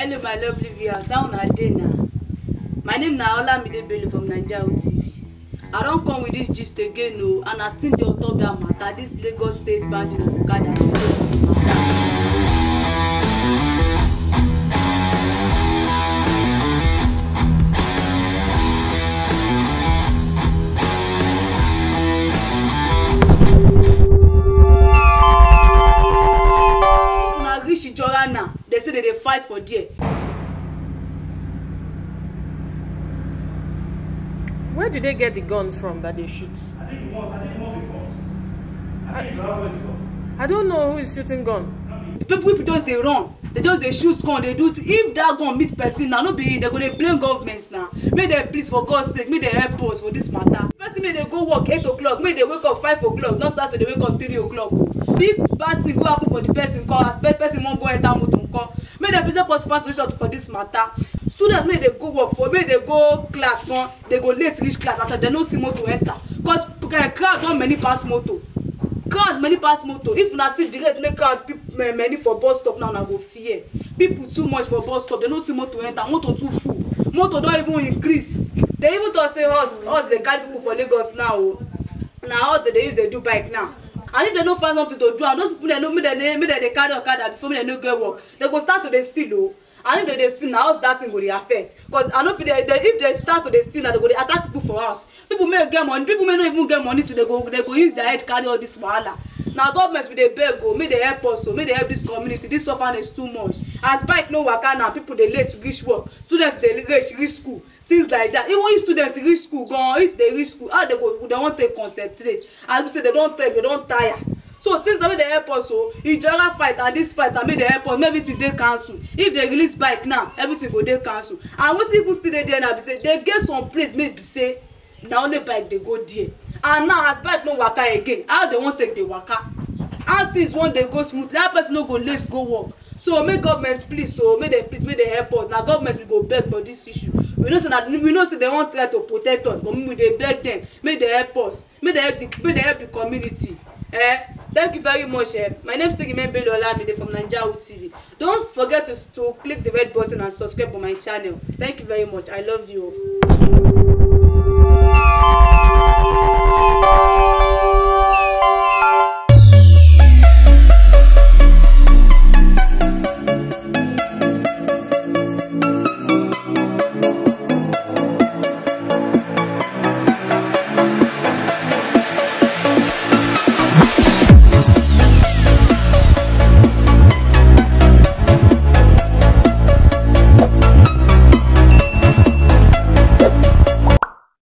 Hello, my lovely viewers. How una dey My name na Olamide Bello from Naija TV. I don't come with this gist again no. and I still don't talk that matter. This Lagos State band of Okada still dem dey fight for there. where do they get the guns from that they shoot. i think the ones i think the ones we got i think the ones we got. i don't know who is shooting gun. people people just dey run they just dey shoot gun dey do if that gun meet person na no be they go dey blame government na make dem please for god sake make dem help us for this matter person may dey go work eight o'clock may dey wake up five o'clock don start to dey wake up three o'clock if bad thing go happen for the person come as pe person wan go enter motor come make dem present possible solution for this matter students may dey go work for may dey go class come dey go late reach class as dem no see motor enter cause eh, crowd don many pass motor crowd many pass motor if una see the rate make crowd eh, many for bus stop now una go fear people too much for bus stop dem no see motor enter motor too full motor don even increase dey even talk say us us dey carry people for lagos now o na us dey dey use dey do bike now and if dem no find something to do and those people dem no make dem dey make dem dey carry okada before make dem no get work dem go start to dey steal o and if dem dey steal na us that thing go dey affect cause i no fit dey if dem start to dey steal na dem go dey attack people for house people wey get money people wey no even get money too dey go dey go use their head carry all this wahala na government we dey beg o make dey help us o make dey help dis community dis orphanage too much as bike no waka now people dey late reach work students dey reach reach school things like that even if students reach school gan if they reach school how they go they wan take concentrate as be say they don tire they don tire so things na make dey help us o ijara fight and this fight na make dey help us make everything dey cancel if dey release bike now everything go dey cancel and wetin even still dey there na be say dey get some place make be say na only bike dey go there and now as bike no waka again how they wan take dey waka how things wan dey go smoothly how person no go late go work so make government please o so make dem please make dem help us na government we go beg for this issue we know say na we know say dem wan try to protect us but we dey beg dem make dem help us make dem help the make dem help the community eh thank you very much eh my name is tegime bello olamide from naija tv don't forget to to click the red button and subscribe for my channel thank you very much i love you.